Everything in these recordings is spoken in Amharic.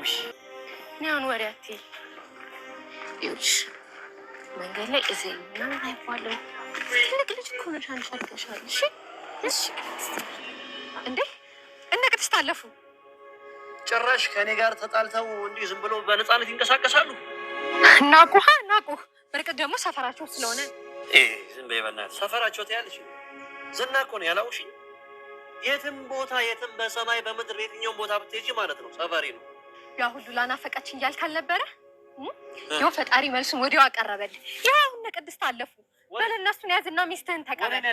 ውይ እኔ አሁን ወሬ አትይኝ። ይኸውልሽ መንገድ ላይ እዘኝና አይባለሁ። ትልቅ ልጅ እኮ ነሽ አንቺ አድገሻል። እሺ እሺ። እንዴ እነ ቅድስት አለፉ። ጭራሽ ከእኔ ጋር ተጣልተው እንዲህ ዝም ብለው በነፃነት ይንቀሳቀሳሉ። ናቁህ በርቀት ደግሞ ሰፈራቸው ስለሆነ ዝም በይ በእናትሽ። ሰፈራቸው ትያለሽ? ዝና እኮ ነው ያላውሽኝ። የትም ቦታ የትም በሰማይ በምድር የትኛውም ቦታ ብትሄጂ ማለት ነው ሰፈሬ ነው ያ ሁሉ ላናፈቀችኝ እያልክ አልነበረ? ያው ፈጣሪ መልሱን ወዲያው አቀረበል። ያው አሁን ቅድስት አለፉ። በል እነሱን ያዝና ሚስትህን ተቀበል።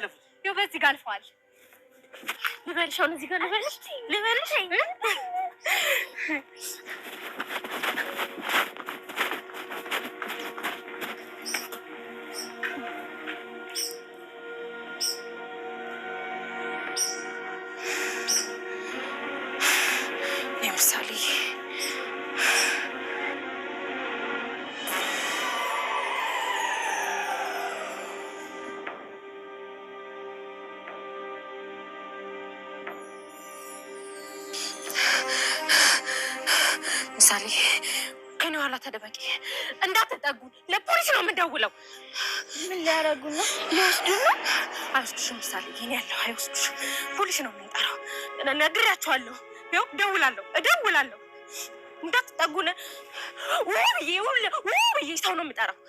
ያው በዚህ ጋር አልፈዋል። ልበልሽ፣ አሁን እዚህ ጋር ልበልሽ፣ ልበልሽ ምሳሌ ምሳሌ ከኔ ኋላ ተደበቂ፣ እንዳትጠጉ። ለፖሊስ ነው የምንደውለው። ምን ሊያደርጉ ነው? ሊወስዱ ነው። አይወስዱሽም ምሳሌ፣ ይህን ያለው አይወስዱሽም። ፖሊስ ነው የምንጠራው። ነግሬያቸዋለሁ። ያው እደውላለሁ፣ እደውላለሁ። እንዳትጠጉን። ውብዬ፣ ውብዬ ሰው ነው የምጠራው።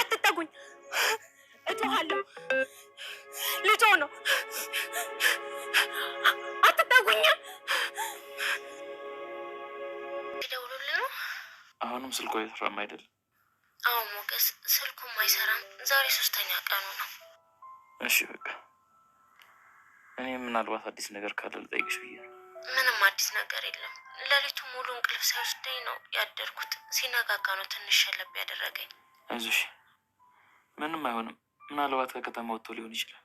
አትጠጉኝ፣ እጮሃለሁ። ልጮ ነው አሁንም ስልኩ አይሰራም አይደል? አዎ ሞገስ፣ ስልኩም አይሰራም። ዛሬ ሶስተኛ ቀኑ ነው። እሺ በቃ እኔ ምናልባት አዲስ ነገር ካለ ልጠይቅሽ ብዬ ነው። ምንም አዲስ ነገር የለም። ሌሊቱ ሙሉ እንቅልፍ ሳይወስደኝ ነው ያደርኩት። ሲነጋጋ ነው ትንሽ ሸለብ ያደረገኝ። አይዞሽ፣ ምንም አይሆንም። ምናልባት ከከተማ ወጥቶ ሊሆን ይችላል።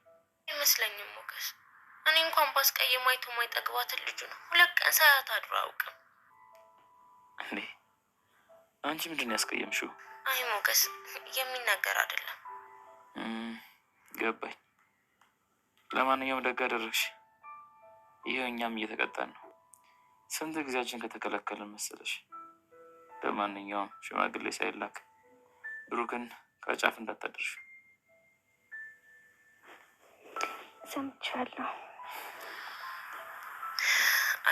አይመስለኝም ሞገስ። እኔ እንኳን ባስቀየማይቶ ማይጠግባትን ልጁ ነው ሁለት ቀን ሳያት አድሮ አያውቅም እንዴ አንቺ ምንድን ያስቀየምሽው? አይ ሞገስ፣ የሚናገር አይደለም። ገባኝ። ለማንኛውም ደግ አደረግሽ። ይህ እኛም እየተቀጣን ነው። ስንት ጊዜያችን ከተከለከልን መሰለሽ። ለማንኛውም ሽማግሌ ሳይላክ ብሩክን ከጫፍ እንዳታደርሽ። ሰምቻለሁ።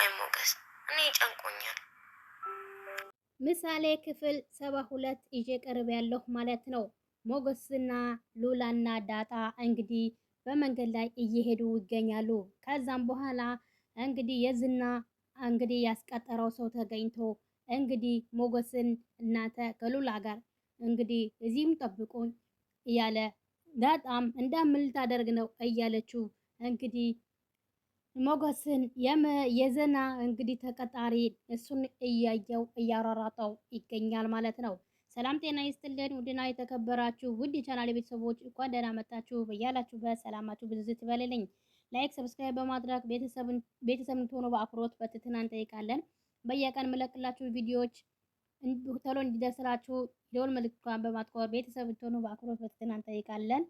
አይ ሞገስ፣ እኔ ጨንቆኛል። ምሳሌ ክፍል ሰባ ሁለት ይዤ ቀርብ ያለሁ ማለት ነው። ሞገስና ሉላና ዳጣ እንግዲህ በመንገድ ላይ እየሄዱ ይገኛሉ። ከዛም በኋላ እንግዲህ የዝና እንግዲህ ያስቀጠረው ሰው ተገኝቶ እንግዲህ ሞገስን እናንተ ከሉላ ጋር እንግዲህ እዚህም ጠብቁኝ እያለ ዳጣም እንዳምን ልታደርግ ነው እያለችው እንግዲህ ሞገስን የዘና እንግዲህ ተቀጣሪ እሱን እያየው እያሯሯጠው ይገኛል ማለት ነው። ሰላም ጤና ይስጥልን ውድና የተከበራችሁ ውድ የቻናል ቤተሰቦች እንኳን ደህና መጣችሁ። በያላችሁበት ሰላማችሁ ብዙ ትበልልኝ። ላይክ ሰብስክራይብ በማድረግ ቤተሰብ እንድትሆኑ በአክብሮት በትህትና እንጠይቃለን። በየቀን የምለቅላችሁ ቪዲዮዎች ቶሎ እንዲደርስላችሁ ደወል ምልክቷን በማጥቆር ቤተሰብ እንድትሆኑ በአክብሮት በትህትና እንጠይቃለን።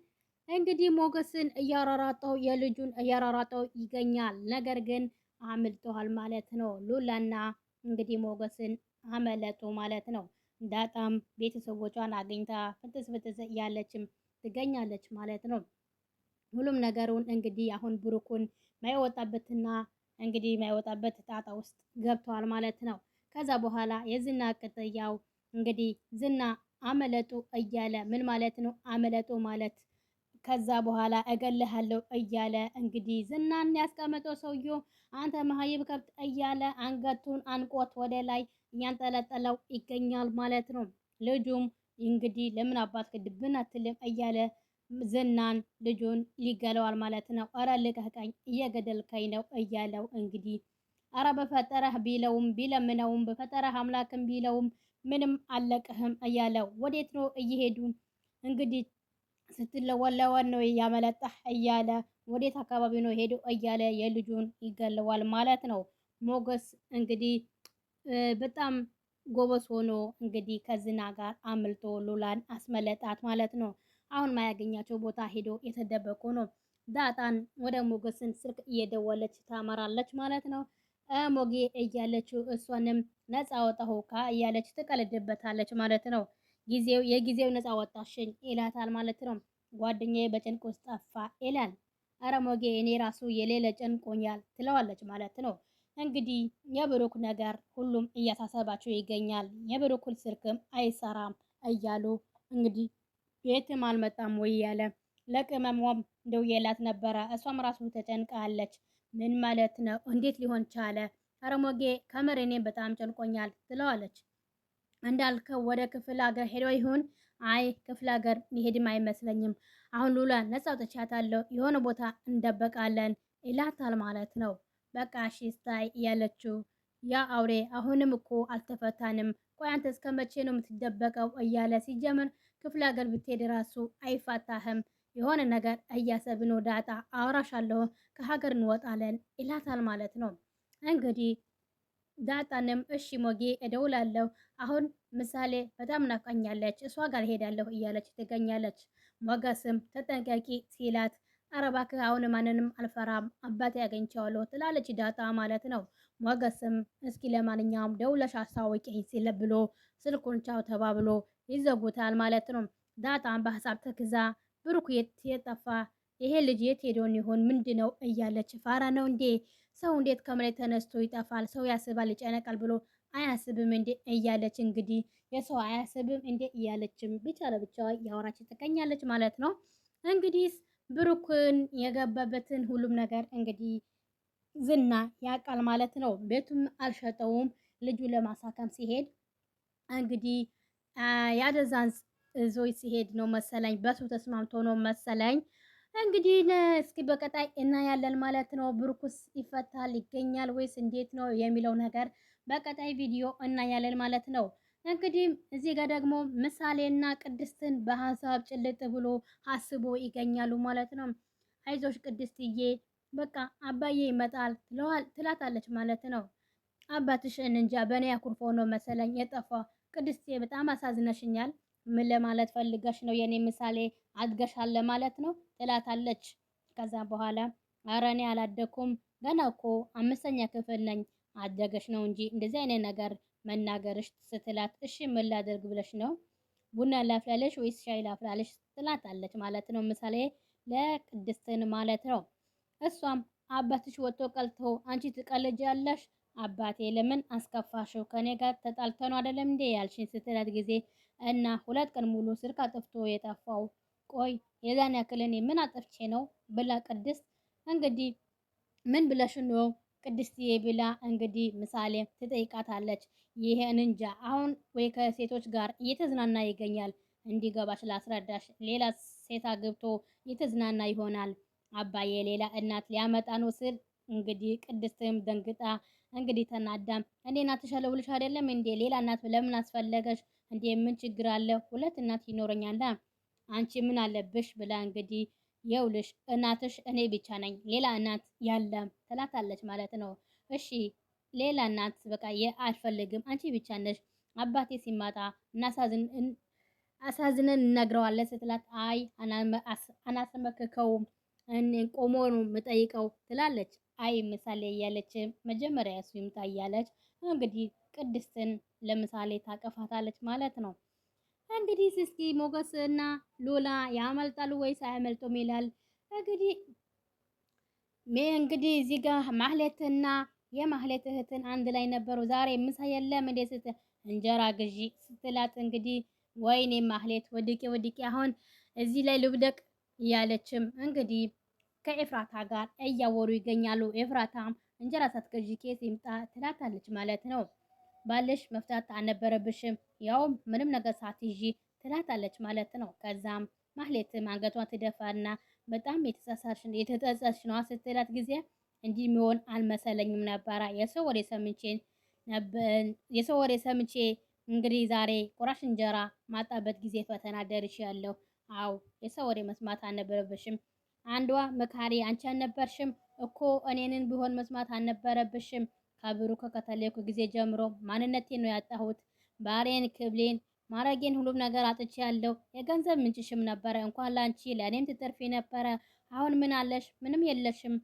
እንግዲህ ሞገስን እያራራጠው የልጁን እያራራጠው ይገኛል። ነገር ግን አምልጠዋል ማለት ነው። ሉላና እንግዲህ ሞገስን አመለጡ ማለት ነው። ዳጣም ቤተሰቦቿን አግኝታ ፍትስ ፍትስ እያለችም ትገኛለች ማለት ነው። ሁሉም ነገሩን እንግዲህ አሁን ብሩኩን ማይወጣበትና እንግዲህ ማይወጣበት ጣጣ ውስጥ ገብተዋል ማለት ነው። ከዛ በኋላ የዝና ቅጥያው እንግዲህ ዝና አመለጡ እያለ ምን ማለት ነው? አመለጡ ማለት ከዛ በኋላ እገልሃለሁ እያለ እንግዲህ ዝናን ያስቀመጠው ሰውዬው አንተ መሀይብ ከብት እያለ አንገቱን አንቆት ወደ ላይ እያንጠለጠለው ይገኛል ማለት ነው። ልጁም እንግዲህ ለምን አባት ግድብን አትልም እያለ ዝናን ልጁን ሊገለዋል ማለት ነው። ኧረ ልቀቀኝ፣ እየገደልከኝ ነው እያለው እንግዲህ አረ በፈጠረህ ቢለውም ቢለምነውም በፈጠረህ አምላክም ቢለውም ምንም አለቅህም እያለው ወዴት ነው እየሄዱ እንግዲህ ስትለወለወን ነው እያመለጠህ እያለ ወዴት አካባቢ ነው ሄዶ እያለ የልጁን ይገለዋል ማለት ነው። ሞገስ እንግዲህ በጣም ጎበስ ሆኖ እንግዲህ ከዝና ጋር አምልጦ ሉላን አስመለጣት ማለት ነው። አሁን ማያገኛቸው ቦታ ሄዶ የተደበቁ ነው። ዳጣን ወደ ሞገስን ስልክ እየደወለች ታመራለች ማለት ነው። ሞጌ እያለችው እሷንም ነፃ ወጣሁካ እያለች ትቀልድበታለች ማለት ነው። ጊዜው የጊዜው ነፃ ወጣሽኝ ይላታል ማለት ነው። ጓደኛዬ በጭንቅ ውስጥ ጠፋ ይላል። አረ ሞጌ እኔ ራሱ የሌለ ጨንቆኛል ትለዋለች ማለት ነው። እንግዲህ የብሩክ ነገር ሁሉም እያሳሰባቸው ይገኛል። የብሩክል ስልክም አይሰራም እያሉ እንግዲህ ቤትም አልመጣም ወይ ያለ ለቅመሟም ደውዬላት ነበረ። እሷም ራሱ ተጨንቃለች። ምን ማለት ነው? እንዴት ሊሆን ቻለ? አረ ሞጌ ከምር እኔም በጣም ጨንቆኛል ትለዋለች። እንዳልከው ወደ ክፍለ ሀገር ሄዶ ይሁን? አይ ክፍለ ሀገር መሄድም አይመስለኝም። አሁን ሉላ ነጻ አውጥቻታለሁ፣ የሆነ ቦታ እንደበቃለን ይላታል ማለት ነው። በቃ እሺ ስታይ እያለችው ያ አውሬ አሁንም እኮ አልተፈታንም። ቆይ አንተ እስከ መቼ ነው የምትደበቀው? እያለ ሲጀምር ክፍለ ሀገር ብትሄድ ራሱ አይፋታህም። የሆነ ነገር እያሰብን ወዳጣ አውራሻለሁ፣ ከሀገር እንወጣለን ይላታል ማለት ነው። እንግዲህ ዳጣንም እሺ ሞጌ እደውላለሁ። አሁን ምሳሌ በጣም ናፍቃኛለች፣ እሷ ጋር ሄዳለሁ እያለች ትገኛለች። ሞገስም ተጠንቀቂ ሲላት፣ ኧረ እባክህ አሁን ማንንም አልፈራም አባቴ ያገኝቸዋለሁ ትላለች ዳጣ ማለት ነው። ሞገስም እስኪ ለማንኛውም ደውለሽ አሳውቂኝ ሲል ብሎ ስልኩን ቻው ተባብሎ ይዘጉታል ማለት ነው። ዳጣም በሀሳብ ተክዛ ብሩክ የጠፋ ይሄ ልጅ የት ሄዶን ይሆን ምንድነው እያለች ፋራ ነው እንዴ ሰው እንዴት ከመሬት ተነስቶ ይጠፋል? ሰው ያስባል ይጨነቃል ብሎ አያስብም እንዴ እያለች እንግዲህ የሰው አያስብም እንዴ እያለችም ብቻ ለብቻዋ እያወራች ትገኛለች ማለት ነው። እንግዲህ ብሩክን የገባበትን ሁሉም ነገር እንግዲህ ዝና ያውቃል ማለት ነው። ቤቱም አልሸጠውም ልጁ ለማሳከም ሲሄድ እንግዲህ ያደዛን ዞይ ሲሄድ ነው መሰለኝ በሱ ተስማምቶ ነው መሰለኝ እንግዲህ እስኪ በቀጣይ እናያለን ማለት ነው። ብሩክስ ይፈታል ይገኛል ወይስ እንዴት ነው የሚለው ነገር በቀጣይ ቪዲዮ እናያለን ማለት ነው። እንግዲህ እዚህ ጋር ደግሞ ምሳሌና ቅድስትን በሀሳብ ጭልጥ ብሎ አስቦ ይገኛሉ ማለት ነው። አይዞሽ ቅድስትዬ፣ በቃ አባዬ ይመጣል ትላታለች ማለት ነው። አባትሽ እንጃ በእኔ አኩርፎ ነው መሰለኝ የጠፋ። ቅድስቴ በጣም አሳዝነሽኛል። ምን ለማለት ፈልገሽ ነው? የኔ ምሳሌ አድገሻል ማለት ነው ትላታለች። ከዛ በኋላ አረ እኔ አላደኩም ገና እኮ አምስተኛ ክፍል ነኝ አደገሽ ነው እንጂ እንደዚህ አይነት ነገር መናገርሽ ስትላት፣ እሺ ምን ላደርግ ብለሽ ነው ቡና ላፍላለሽ ወይስ ሻይ ላፍላለሽ ትላታለች ማለት ነው። ምሳሌ ለቅድስትን ማለት ነው። እሷም አባትሽ ወጥቶ ቀልቶ አንቺ ትቀልጃለሽ። አባቴ ለምን አስከፋሽው? ከኔ ጋር ነው አደለም እንዴ ያልሽኝ ስትላት ጊዜ እና ሁለት ቀን ሙሉ ስልክ አጥፍቶ የጠፋው ቆይ የዛን ያክል እኔ ምን ነው ብላ ቅድስት እንግዲህ ምን ብለሽ ነው ቅድስትዬ ብላ እንግዲህ ምሳሌ ትጠይቃታለች። ይሄን እንጃ አሁን ወይ ከሴቶች ጋር እየተዝናና ይገኛል። እንዲገባሽ ላስረዳሽ፣ ሌላ ሴት አግብቶ እየተዝናና ይሆናል። አባዬ ሌላ እናት ሊያመጣ ነው ስል እንግዲህ ቅድስትም ደንግጣ እንግዲህ ተናዳም እንዴ እናት ተሻለውልሽ አይደለም እንዴ ሌላ እናት ለምን አስፈለገሽ እንዴ ምን ችግር አለ? ሁለት እናት ይኖረኛል አንቺ ምን አለብሽ ብላ እንግዲህ የውልሽ እናትሽ እኔ ብቻ ነኝ ሌላ እናት ያለም ትላታለች ማለት ነው። እሺ ሌላ እናት በቃ አልፈልግም አንቺ ብቻ ነሽ። አባቴ ሲመጣ እናሳዝን አሳዝነን እነግረዋለን ስትላት አይ አናስመክከውም ቆሞ ነው የምጠይቀው ትላለች። አይ ምሳሌ እያለች መጀመሪያ እሱ ይምጣ እያለች እንግዲህ ቅድስትን ለምሳሌ ታቀፋታለች ማለት ነው። እንግዲህ እስኪ ሞገስ እና ሉላ ያመልጣሉ ወይስ አያመልጡም ይላል። እንግዲህ ሜ እንግዲህ እዚህ ጋር ማህሌትና የማህሌት እህትን አንድ ላይ ነበሩ። ዛሬ ምሳ የለም እንዴ ስት እንጀራ ግዢ ስትላት እንግዲህ ወይኔ ማህሌት ወድቄ ወድቄ አሁን እዚህ ላይ ልብደቅ እያለችም እንግዲህ ከኤፍራታ ጋር እያወሩ ይገኛሉ። ኤፍራታም እንጀራ ሳትገዢ ኬስ ይምጣ ትላታለች ማለት ነው። ባለሽ መፍታት አልነበረብሽም፣ ያውም ምንም ነገር ሳትይዢ ትላታለች ማለት ነው። ከዛም ማህሌት አንገቷን ትደፋና በጣም የተጸጸትሽ ነዋ ስትላት ጊዜ እንዲህ የሚሆን አልመሰለኝም ነበራ የሰው ወሬ ሰምቼ የሰው ወሬ ሰምቼ እንግዲህ ዛሬ ቁራሽ እንጀራ ማጣበት ጊዜ ፈተና ደርሽ ያለው። አው የሰው ወሬ መስማት አልነበረብሽም። አንዷ መካሪ አንቺ አልነበርሽም እኮ እኔንን ቢሆን መስማት አልነበረብሽም ከብሩክ ከተለየኩ ጊዜ ጀምሮ ማንነቴን ነው ያጣሁት። ባሬን፣ ክብሌን፣ ማረጌን ሁሉም ነገር አጥቼ ያለው የገንዘብ ምንጭሽም ነበረ። እንኳን ላንቺ ለእኔም ትተርፊ ነበረ። አሁን ምን አለሽ? ምንም የለሽም።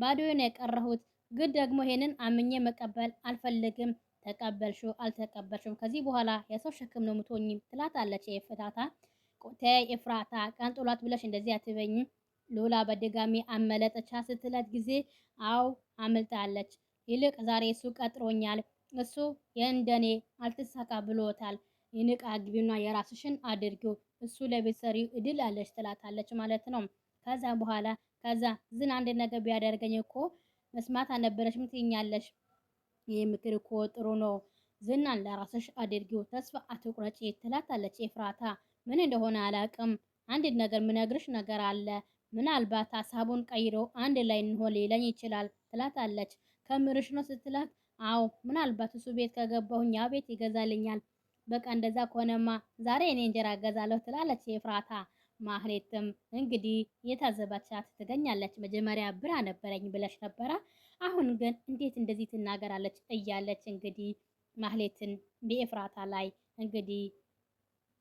ባዶዬን የቀረሁት። ግን ደግሞ ይሄንን አምኜ መቀበል አልፈልግም። ተቀበልሹ አልተቀበልሽም፣ ከዚህ በኋላ የሰው ሸክም ነው የምትሆኝም ትላታለች የፍታታ ተይ ኤፍራታ ቀን ጥሏት ብለሽ እንደዚህ አትበኝ። ሉላ በድጋሚ አመለጠቻ ስትላት ጊዜ አው አምልጣለች ይልቅ ዛሬ እሱ ቀጥሮኛል፣ እሱ የእንደኔ አልተሳካ ብሎታል። ይንቃ ግቢና የራስሽን አድርጊው፣ እሱ ለቤት ሰሪው እድል አለሽ ትላታለች ማለት ነው። ከዛ በኋላ ከዛ ዝን አንድ ነገር ቢያደርገኝ እኮ መስማት አልነበረሽም ትይኛለሽ። ይህ ምክር እኮ ጥሩ ነው፣ ዝናን ለራስሽ አድርጊው፣ ተስፋ አትቁረጪ ትላታለች ኤፍራታ። ምን እንደሆነ አላቅም፣ አንድ ነገር ምነግርሽ ነገር አለ፣ ምናልባት ሀሳቡን ቀይሮ አንድ ላይ እንሆን ሊለኝ ይችላል ትላታለች። ከምርሽ ነው ስትላት፣ አዎ ምናልባት እሱ ቤት ከገባሁኝ ያው ቤት ይገዛልኛል። በቃ እንደዛ ከሆነማ ዛሬ እኔ እንጀራ እገዛለሁ ትላለች የፍራታ ማህሌትም እንግዲህ የታዘባት ትገኛለች። መጀመሪያ ብራ ነበረኝ ብለሽ ነበረ፣ አሁን ግን እንዴት እንደዚህ ትናገራለች እያለች እንግዲህ ማህሌትን በኤፍራታ ላይ እንግዲህ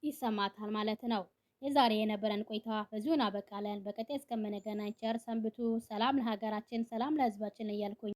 ይሰማታል ማለት ነው። የዛሬ የነበረን ቆይታ በዚሁን አበቃለን። በቀጣይ እስከምንገናኝ ቸር ሰንብቱ። ሰላም ለሀገራችን፣ ሰላም ለህዝባችን እያልኩኝ